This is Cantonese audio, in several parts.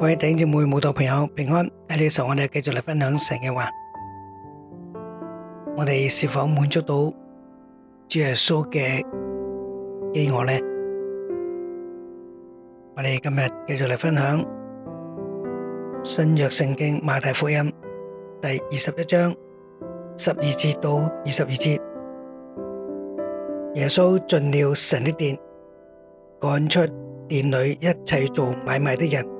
各位弟兄姊妹、信徒朋友平安！喺呢個時候，我哋繼續嚟分享神嘅話，我哋是否滿足到主耶穌嘅飢餓呢？我哋今日繼續嚟分享新約聖經馬太福音第二十一章十二節到二十二節，耶穌進了神的殿，趕出殿裏一切做買賣的人。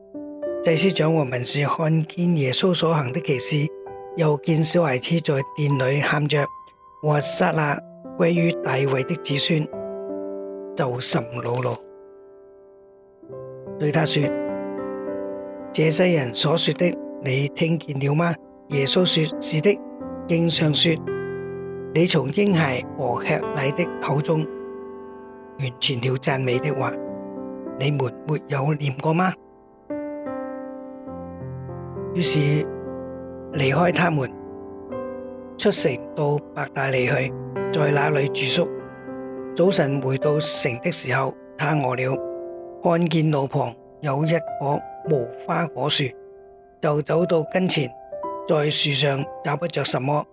祭司長和文士看見耶穌所行的奇事，又見小孩子在殿裏喊着：和散那歸於大衛的子孫，就甚惱怒，對他說：這些人所說的，你聽見了嗎？耶穌說：是的，經上說，你從嬰孩和吃奶的口中，完全了讚美的話，你們沒有唸過嗎？於是離開他們，出城到伯大尼去，在那裏住宿。早晨回到城的時候，他餓了，看見路旁有一棵無花果樹，就走到跟前，在樹上找不着什麼，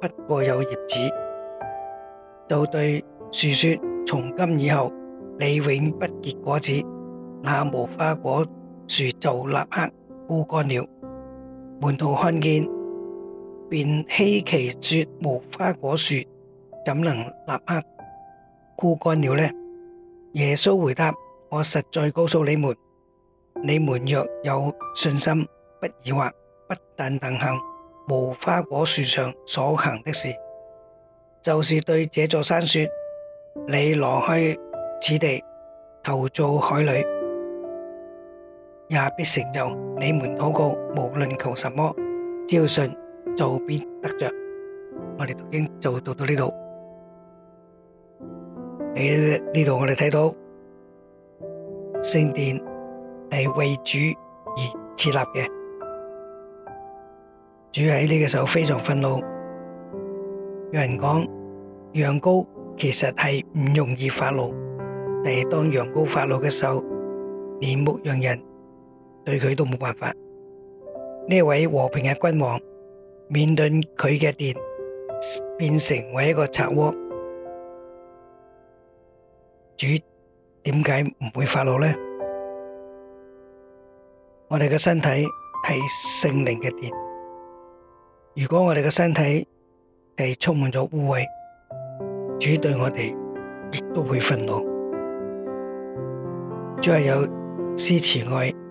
不過有葉子，就對樹說：從今以後，你永不結果子。那無花果樹就立刻。枯乾了，門徒看見，便稀奇說：無花果樹怎能立刻枯乾了呢？耶穌回答：我實在告訴你們，你們若有信心，不疑惑，不但能行無花果樹上所行的事，就是對這座山說：你挪開此地，投在海裏。也必成就。你們禱告，無論求什麼，只要信，就必得着。我哋讀經就讀到呢度。喺呢度我哋睇到聖殿係為主而設立嘅。主喺呢個時候非常憤怒。有人講羊羔其實係唔容易發怒，但係當羊羔發怒嘅時候，連牧羊人。對佢都冇辦法。呢位和平嘅君王面對佢嘅殿變成為一個賊窩，主點解唔會發怒呢？我哋嘅身體係聖靈嘅殿，如果我哋嘅身體係充滿咗污穢，主對我哋亦都會憤怒。主係有思慈愛。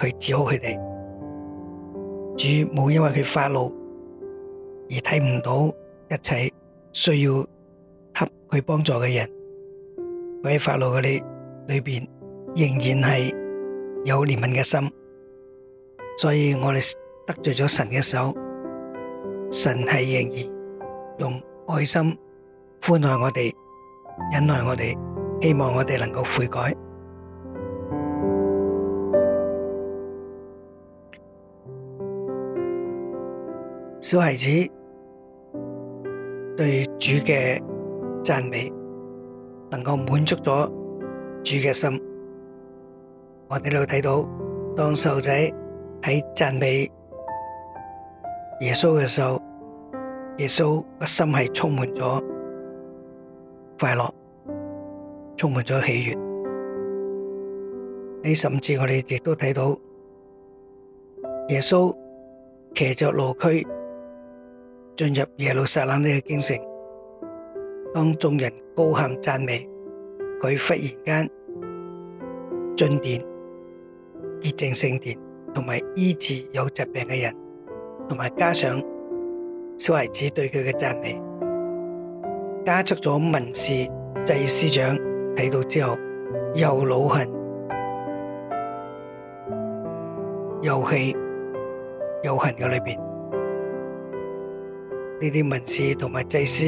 佢治好佢哋，主冇因為佢發怒而睇唔到一切需要吸佢幫助嘅人，佢喺發怒嘅裏裏邊，仍然係有憐憫嘅心。所以我哋得罪咗神嘅手，神係仍然用愛心寬待我哋，忍耐我哋，希望我哋能夠悔改。小孩子對主嘅讚美，能夠滿足咗主嘅心。我哋都睇到，當細路仔喺讚美耶穌嘅時候，耶穌個心係充滿咗快樂，充滿咗喜悦。你甚至我哋亦都睇到，耶穌騎着駱駝。進入耶路撒冷呢個京城，當眾人高喊讚美，佢忽然間進殿潔淨聖殿，同埋醫治有疾病嘅人，同埋加上小孩子對佢嘅讚美，加速咗文士、祭司長睇到之後又惱恨又氣又恨嘅裏面。呢啲文士同埋祭司，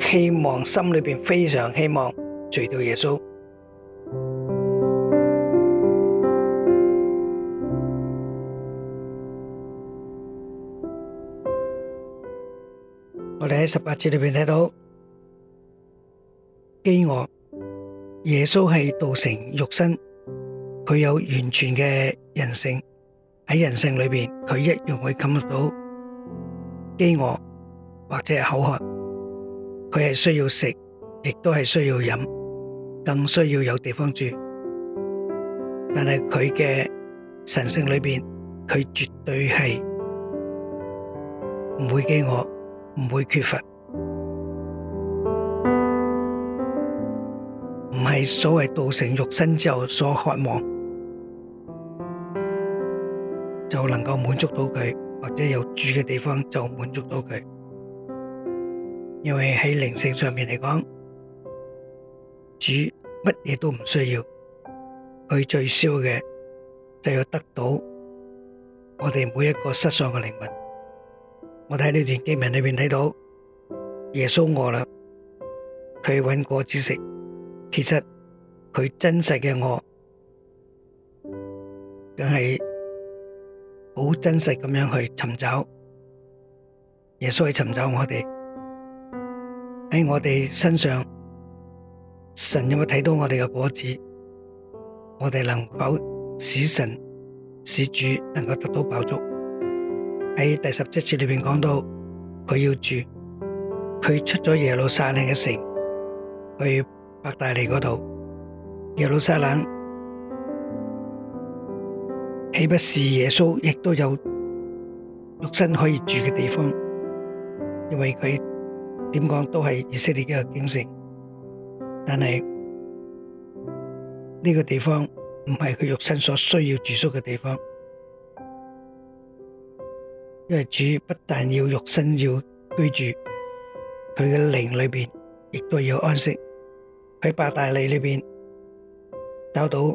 希望心裏邊非常希望除掉耶穌。我哋喺十八節裏邊睇到飢餓，耶穌係道成肉身，佢有完全嘅人性，喺人性裏邊佢一樣會感覺到。饑餓或者係口渴，佢係需要食，亦都係需要飲，更需要有地方住。但係佢嘅神性裏邊，佢絕對係唔會饑餓，唔會缺乏，唔係所謂道成肉身之後所渴望就能夠滿足到佢。或者有住嘅地方就滿足到佢，因為喺靈性上面嚟講，主乜嘢都唔需要，佢最需要嘅就要得到我哋每一個失喪嘅靈魂。我睇呢段經文裏面睇到耶穌餓啦，佢搵果子食，其實佢真實嘅餓，梗係。好真實咁樣去尋找耶穌去尋找我哋，喺我哋身上，神有冇睇到我哋嘅果子？我哋能否使神使主能夠得到飽足？喺第十節經裏邊講到，佢要住，佢出咗耶路撒冷嘅城去伯大尼嗰度，耶路撒冷。豈不是耶穌亦都有肉身可以住嘅地方？因為佢點講都係以色列一個京城，但係呢個地方唔係佢肉身所需要住宿嘅地方，因為主不但要肉身要居住，佢嘅靈裏邊亦都要安息。喺伯大尼裏邊找到。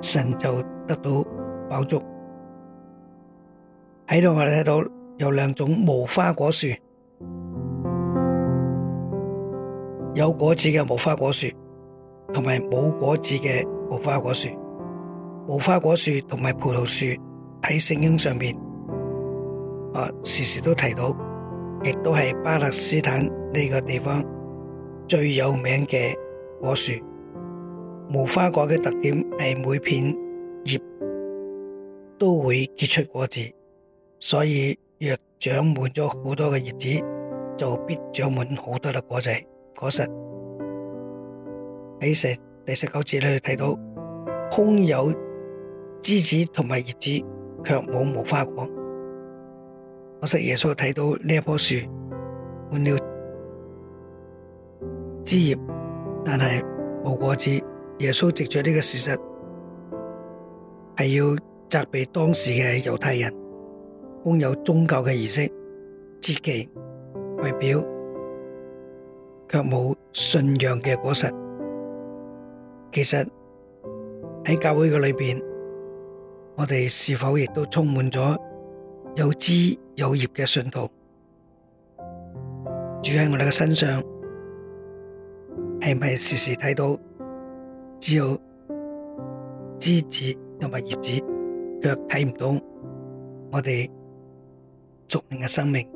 神就得到飽足。喺度我哋睇到有兩種無花果樹，有果子嘅無，無，無花果樹，同埋冇果子嘅無花果樹。無花果樹同埋葡萄樹喺聖經上邊，啊時時都提到，亦都係巴勒斯坦呢個地方最有名嘅果樹。無花果嘅特點。是每片葉都會結出果子，所以若長滿了好多的葉子，就必長滿好多的果子、果實。在第十九節，你看到空有枝子同埋葉子，卻無無花果。可惜耶穌看到這一棵樹，滿了枝葉，但是無果子。耶穌藉着這個事實，係要責備當時嘅猶太人，擁有宗教嘅儀式、節期、外表，卻冇信仰嘅果實。其實喺教會嘅裏邊，我哋是否亦都充滿咗有枝有葉嘅信徒？主喺我哋嘅身上，係咪時時睇到只有枝子？同埋葉子，卻睇唔到我哋族人嘅生命。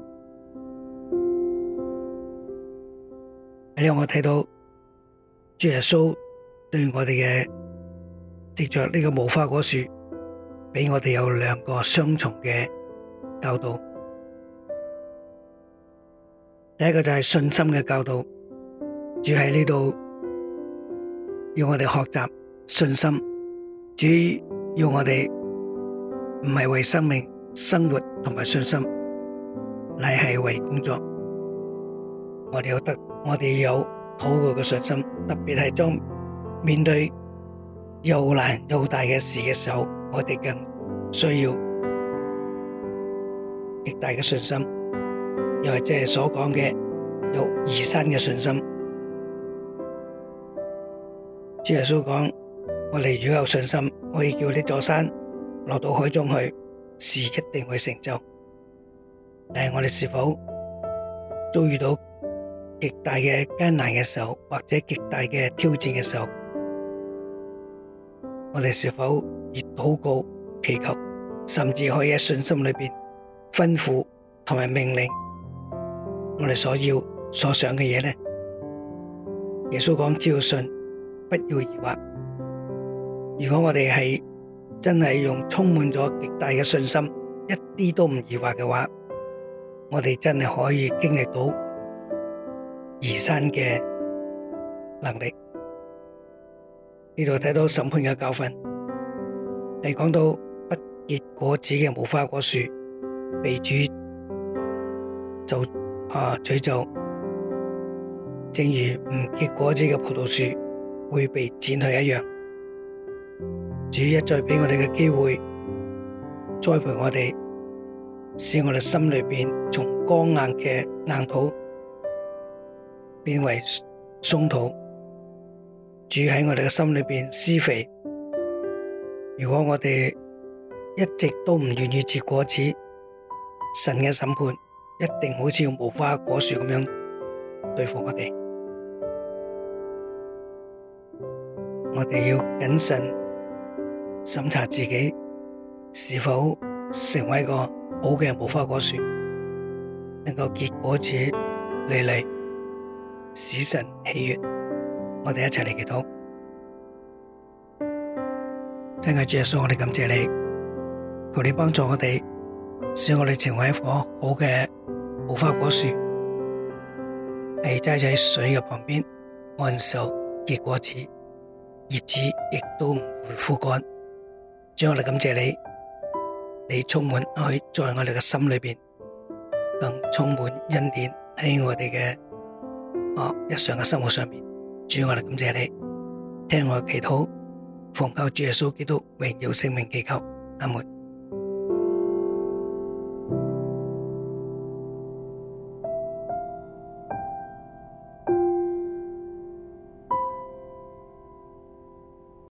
喺呢度我睇到主耶穌對我哋嘅藉着呢個無花果樹，俾我哋有兩個雙重嘅教導。第一個就係信心嘅教導，主喺呢度要我哋學習信心。主。要我哋唔係為生命、生活同埋信心，而係為工作。我哋覺得，我哋要有好過嘅信心。特別係當面對又難又大嘅事嘅時候，我哋更需要極大嘅信心，又或者係所講嘅有移山嘅信心。主耶穌講。我哋如果有信心，可以叫呢座山落到海中去，事一定會成就。但係我哋是否遭遇到極大嘅艱難嘅時候，或者極大嘅挑戰嘅時候，我哋是否亦禱告祈求，甚至可以喺信心裏邊吩咐同埋命令我哋所要所想嘅嘢咧？耶穌講：只要信，不要疑惑。如果我哋係真係用充滿咗極大嘅信心，一啲都唔疑惑嘅話，我哋真係可以經歷到移山嘅能力。呢度睇到審判嘅教訓，係講到不結果子嘅無花果樹被主就啊詛咒，正如唔結果子嘅葡萄樹會被剪去一樣。主一再俾我哋嘅機會，栽培我哋，使我哋心裏邊從剛硬嘅硬土變為鬆土。主喺我哋嘅心裏邊施肥。如果我哋一直都唔願意結果子，神嘅審判一定好似無花果樹咁樣對付我哋。我哋要謹慎。審查自己是否成為一個好的無花果樹，能夠結果子歷歷、累累、使神喜悅。我們一起來祈禱，親愛的主耶穌，我哋感謝你，求你幫助我們使我們成為一棵好的無花果樹，喺栽在水的旁邊按時結果子，葉子亦都不會枯乾。主我哋感謝你，你充滿愛在我哋嘅心裏邊，更充滿恩典喺我哋嘅啊日常嘅生活上面。主我哋感謝你，聽我嘅祈禱，奉靠主耶穌基督榮耀聖名祈求阿門。